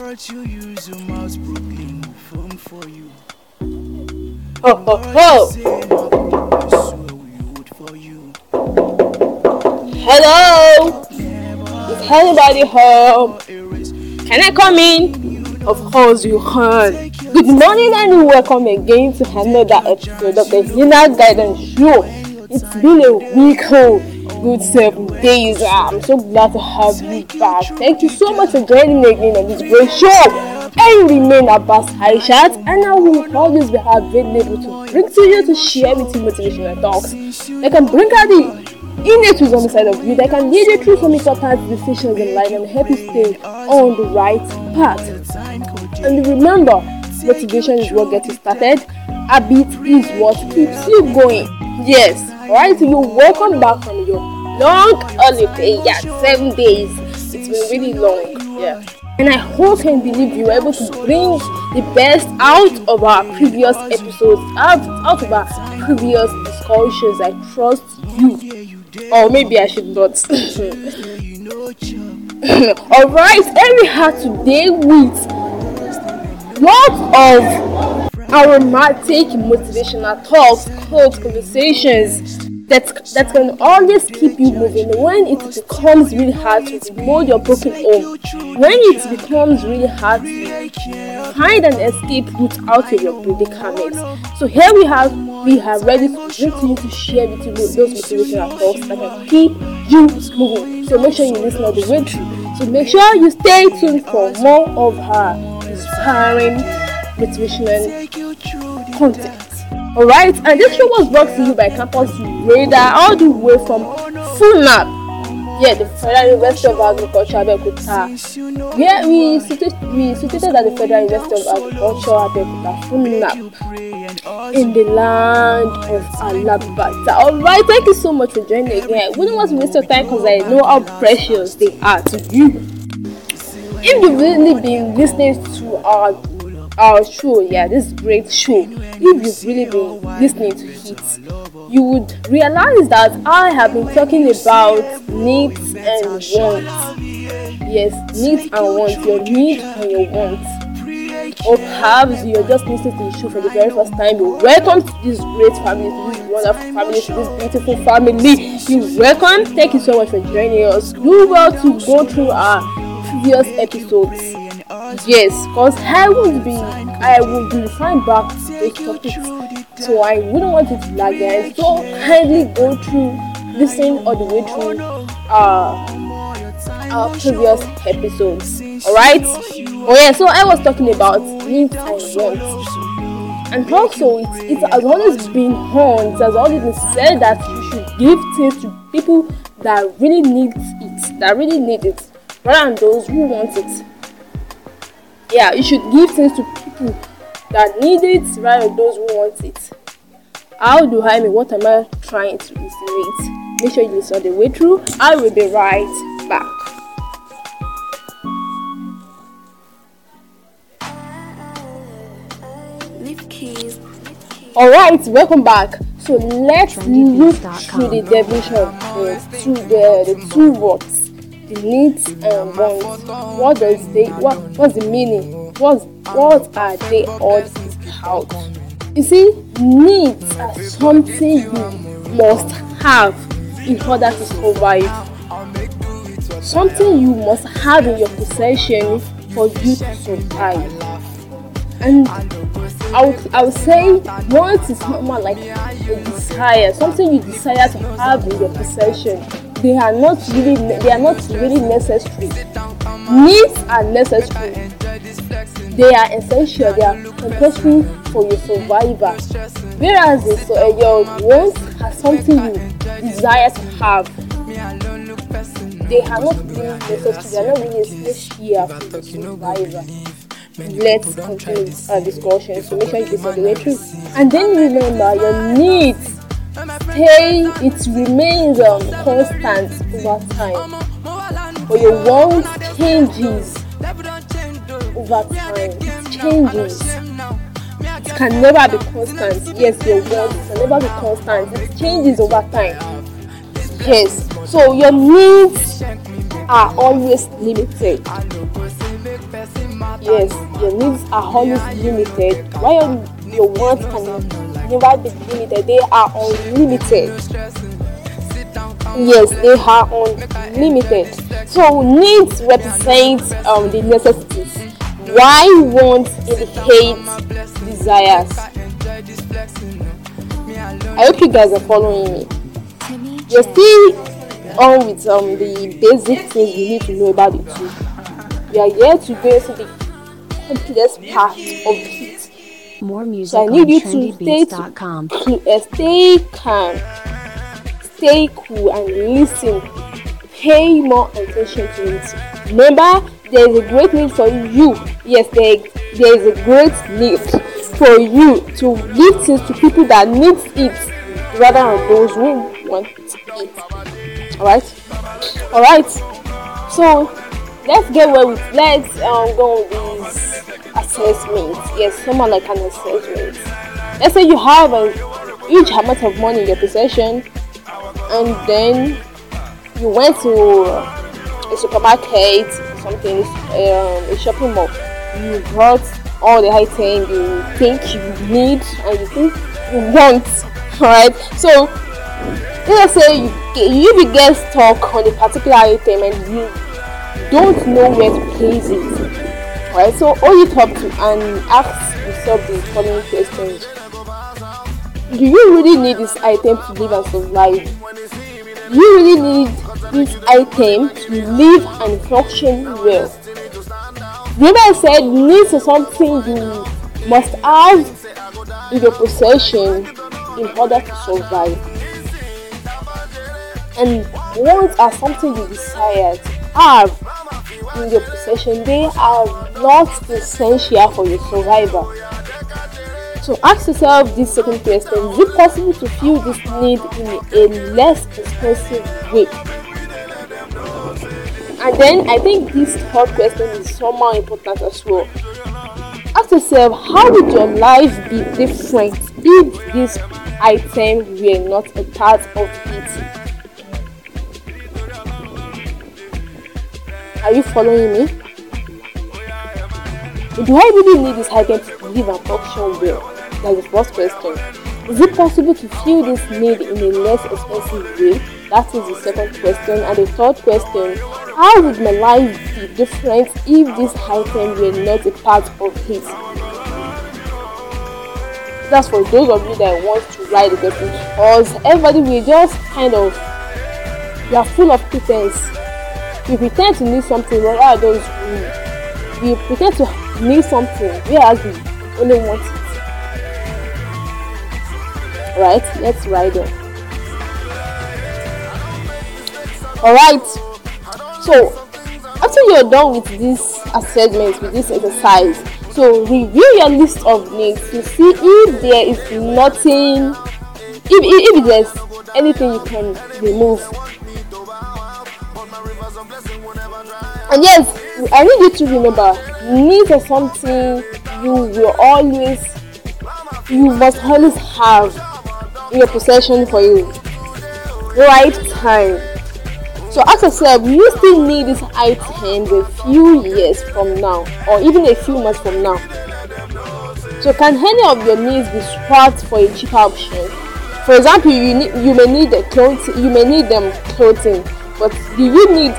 What you use your mouth, Brooklyn form for you. Hello! Is anybody home? Can I come in? Of course you can. Good morning and welcome again to another episode of the Inner Guidance Show. It's been a week, oh, good self days. I'm so glad to have you back. Thank you so much for joining me again on this great show. I remain Abbas Haishat, and I will always be able to bring to you to share with you motivational talks that can bring out the on the inside of you that can lead you through some important decisions in life and help you stay on the right path. And remember, motivation is what gets you started, habit is what keeps you going. Yes, right? You're welcome back from your long holiday. Yeah, seven days. It's been really long. Yeah. And I hope and believe you were able to bring the best out of our previous episodes, out, out of our previous discussions. I trust you. Or maybe I should not. Alright, anyhow, today with lots of aromatic motivational talks, close conversations that's that's going to always keep you moving when it becomes really hard to mold your broken home when it becomes really hard to find an escape route out of your predicament. so here we have we have ready to continue to share with you those motivational talks that can keep you moving so make sure you listen all the way through so make sure you stay tuned for more of her inspiring motivational content Alright, and this show was brought to you by Campus Radar all the way from Funab yeah, the Federal University of Agriculture Abeokuta. Yeah, we situated we situated at the Federal University of Agriculture Abeokuta Funab in the land of Alabata. Alright, thank you so much for joining again. We wouldn't want to waste your time because I know how precious they are to you. If you've really been listening to our our show yeah this great show if you've really been listening to it you would realize that i have been talking about needs and wants yes needs and wants your needs and your wants or perhaps you're just listening to the show for the very first time you welcome to this great family to this wonderful family to this beautiful family you welcome thank you so much for joining us do well to go through our previous episodes yes because i would be i would be signed back to topics so i wouldn't want it to lag guys so kindly go through listen all the way through uh, our previous episodes all right oh yeah so i was talking about needs and wants and also it, it has always been on it has always been said that you should give things to people that really need it that really need it rather than those who want it yeah you should give things to people that need it rather than those who want it how do i mean what am i trying to insinuate make sure you saw the way through i will be right back all right welcome back so let's look through the definition of uh, to the, the two words the needs and um, wants. What does they what what's the meaning? What? what are they all about? You see, needs are something you must have in order to survive. Something you must have in your possession for you to survive. And I would, I would say wants is more like a desire, something you desire to have in your possession they are not really they are not really necessary needs are necessary they are essential they are compulsory for your survival whereas so, uh, your wants are something you desire to have they are not really necessary they are not really essential for survival let's continue our discussion so make sure you get the way through and then remember your needs Stay. it remains um, constant over time, but your world changes over time. It changes. It can never be constant. Yes, your world can never be constant. It changes over time. Yes. So your needs are always limited. Yes, your needs are always limited. Why your, your wants can Limited, they are unlimited. Yes, they are unlimited. So needs represent um, the necessities. Why it hate desires? I hope you guys are following me. you are still on with um, the basic things you need to know about the two. You are yet to go into the complex part of it. More music so I need you to stay, to, uh, stay calm, stay cool, and listen. Pay more attention to it. Remember, there is a great need for you. Yes, there, there is a great need for you to give things to people that needs it rather than those who want it. Alright? Alright? So, let's get well with let's um, go with this Yes, someone like an assessment. Let's say you have a huge amount of money in your possession, and then you went to a supermarket, something, um, a shopping mall. You brought all the items you think you need and you think you want. right? so let's say you, you get stuck on a particular item and you don't know where to place it Right, so all you talk to and ask yourself the following questions Do you really need this item to live and survive? Do you really need this item to live and function well? Remember, I said needs are something you must have in your possession in order to survive. And wants are something you desire to have in your possession, they are not essential for your survival. So ask yourself this second question Is it possible to fill this need in a less expensive way? And then I think this third question is somehow important as well. Ask yourself how would your life be different if this item were not a part of it? Are you following me? Do I really need this hygiene to live and function well? That's the first question. Is it possible to feel this need in a less expensive way? That is the second question. And the third question, how would my life be different if this hygiene were not a part of it? That's for those of you that want to write the bus. Because everybody will just kind of, you are full of pretense we pretend to need something when don't we we pretend to need something whereas we only want it right let's ride on all right so after you're done with this assessment with this exercise so review your list of needs to see if there is nothing if, if, if there's anything you can remove and yes, I need you to remember needs are something you will always, you must always have in your possession for you. Right time. So as yourself, said, you still need this item a few years from now or even a few months from now? So can any of your needs be swapped for a cheaper option? For example, you need, you may need the clothing, you may need them clothing but do you need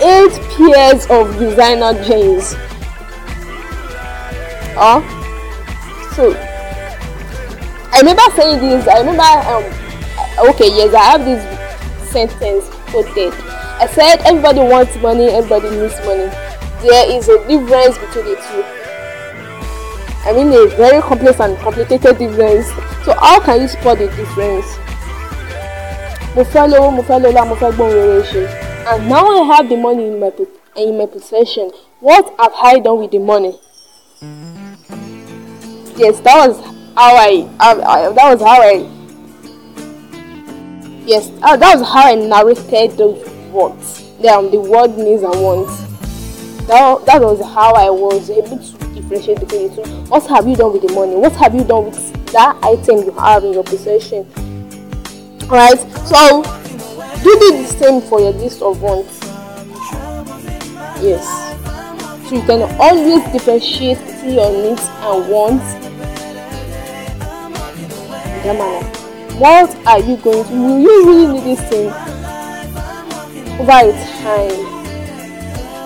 eight pairs of designer jeans? Huh? So I remember saying this. I remember um okay yes I have this sentence quoted. I said everybody wants money, everybody needs money. There is a difference between the two. I mean a very complex and complicated difference. So how can you spot the difference? mo fẹ́ lówó mo fẹ́ lọ́lá mo fẹ́ gbóhun rere ṣe and now I have the money in my in my possession what have I done with the money yes that was how I, I, um, I uh, that was how I yes uh, that was how I narrated those words um, the word needs and wants that, that was how I was able to differentiate between the two what have you done with the money what have you done with that item you have in your possession right so do do the same for your list of wants yes so you can always differentiate between your needs and wants what are you going to will you really need this thing over a time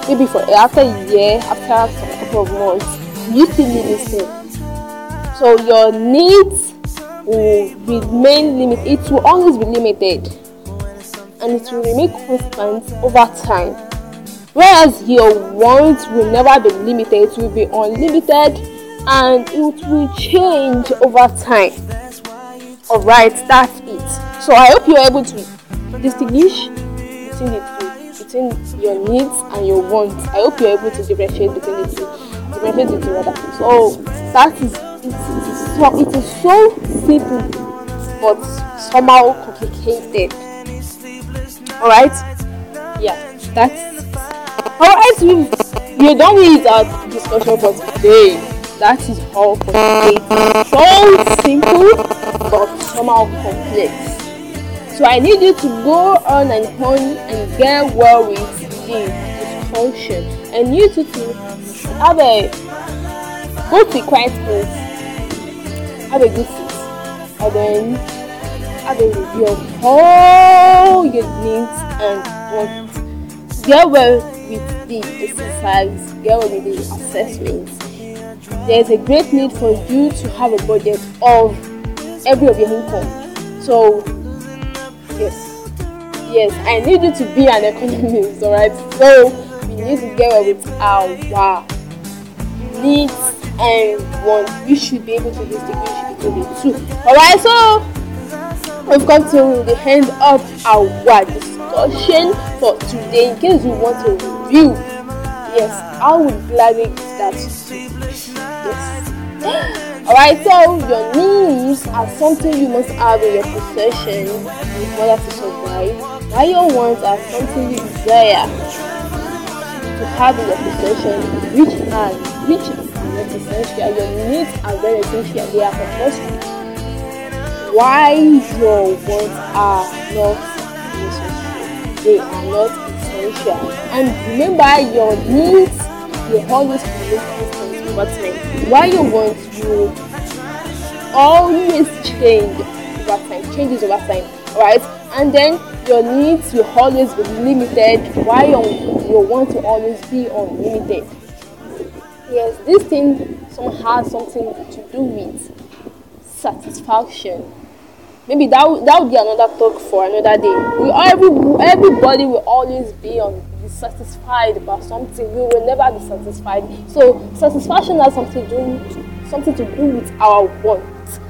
maybe for after a year after a couple of months you still need this thing so your needs will remain limited, it will always be limited and it will remain constant over time. Whereas your wants will never be limited, it will be unlimited and it will change over time. Alright, that's it. So I hope you're able to distinguish between the two between your needs and your wants. I hope you're able to differentiate between the two. Differentiate the two rather. So that is it's, so, it is so simple but somehow complicated all right yeah that's all right we you don't need our discussion for today that is how today so simple but somehow complex so i need you to go on and on and get well with the discussion and you too to have a go to quiet place have a good and then have a review of all your needs and wants. Get well with the exercise, get well with the assessments. There is a great need for you to have a budget of every of your income. So, yes yes, I need you to be an economist, alright? So we need to get well with our needs and wants. We should be able to distinguish Alright, so we've come to the end of our discussion for today. In case you want to review, yes, I would gladly that. Yes. Alright, so your needs are something you must have in your possession in order to survive, while your wants are something you desire to have in your possession, which has, which essential, your needs are very essential, they are compulsory. Why your wants are not essential? they are not essential. And remember, your needs you always be looking for Why your wants You always change over time, changes over time, right? And then your needs will always be limited, Why your, want wants always be unlimited. Yes, this thing some, has something to do with satisfaction. Maybe that, w- that would be another talk for another day. We every, everybody will always be on dissatisfied about something. We will never be satisfied. So satisfaction has something to do, something to do with our wants.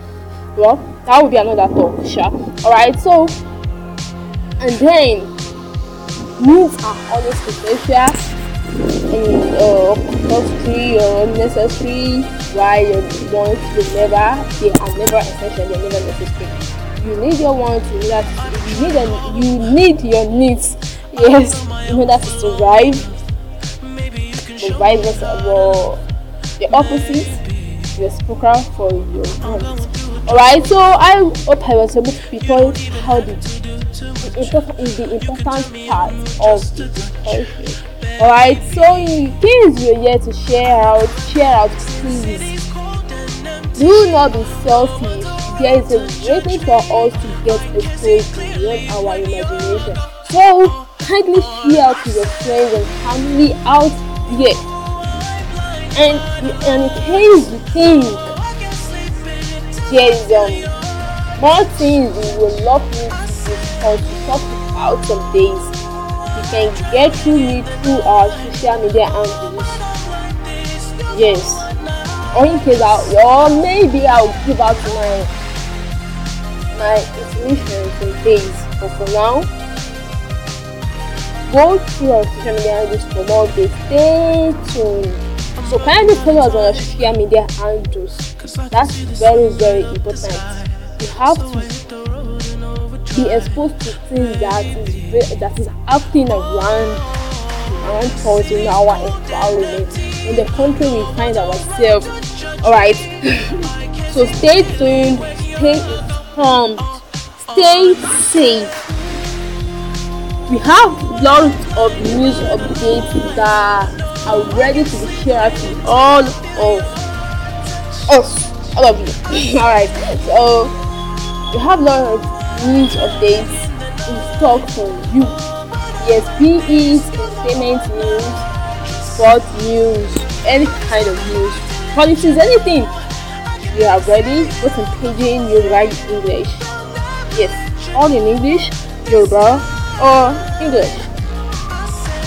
Well, that would be another talk, sure. Alright, so and then needs are always essential and uh, necessary or unnecessary, why your wants will never, they are never essential, they're never necessary. You need your wants in order to you need, a, you need your needs, yes, in order to survive, the virus or the opposite, your spoken for your wants. Alright, so I hope I was able to people how the, the, the important part of the discussion. All right, so in case you're here to share out, share out, please do not be selfish. There is a great way for us to get a place beyond our imagination. So kindly share to your friends and family out there. And, and in case you think there is um, more things we would love you to discuss, to talk about some days can get to me through our social media handles. Yes. Or in case I, or maybe I'll give out my my information in days. But for now, go to our social media handles for more updates. Stay tuned. So kindly follow us on our social media handles. That's very very important. You have to be exposed to things that is that is happening around around us in our environment in the country we find ourselves all right so stay tuned stay calm, stay safe we have lots of news updates that are ready to be shared to all of us all of you all right so we have lots News updates in stock for you. Yes, PEs, entertainment news, sports news, any kind of news, policies, anything. You are ready, go to Pidgin, you write English. Yes, all in English, Yoruba, or English.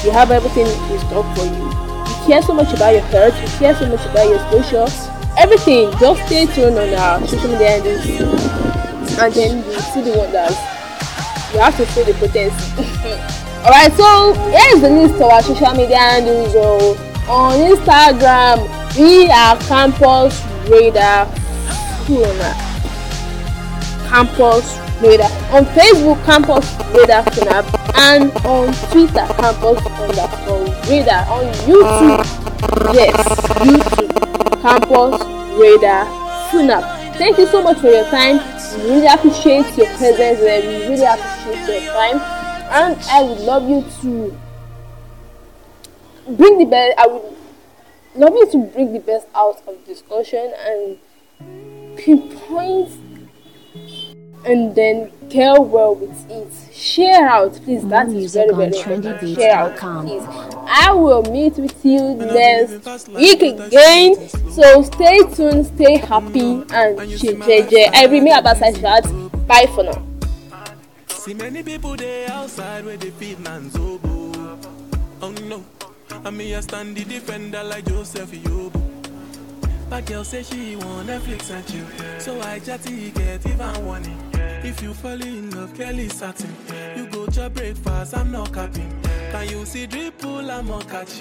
You have everything in stock for you. You care so much about your health, you care so much about your social, everything. Just stay tuned on our social media and and then you see the wonders. You have to see the potency. Alright, so here's the list of our social media handles oh. on Instagram. We are Campus Radar Kuna. Campus Radar. On Facebook, Campus Radar Kuna. And on Twitter, Campus underscore Radar. On YouTube, yes, YouTube, Campus Radar Funab. Thank you so much for your time really appreciate your presence and eh? We really appreciate your time. And I would love you to bring the best I would love you to bring the best out of discussion and pinpoint and then care well with it share out, please. More that is very, very important. Share out, please. I will meet with you next week again. So stay tuned, stay happy, mm. and JJ. I remain Abasai Shat. Bye for now. See many people there outside where they feed man's oboe. Oh no, I mean I stand the defender like Joseph Yobo. But girl say she want Netflix and chill, so I chatty get even warning. If you fall in love, Kelly satin. You go to breakfast, I'm not capping. Can you see drip pull, I'm not catching.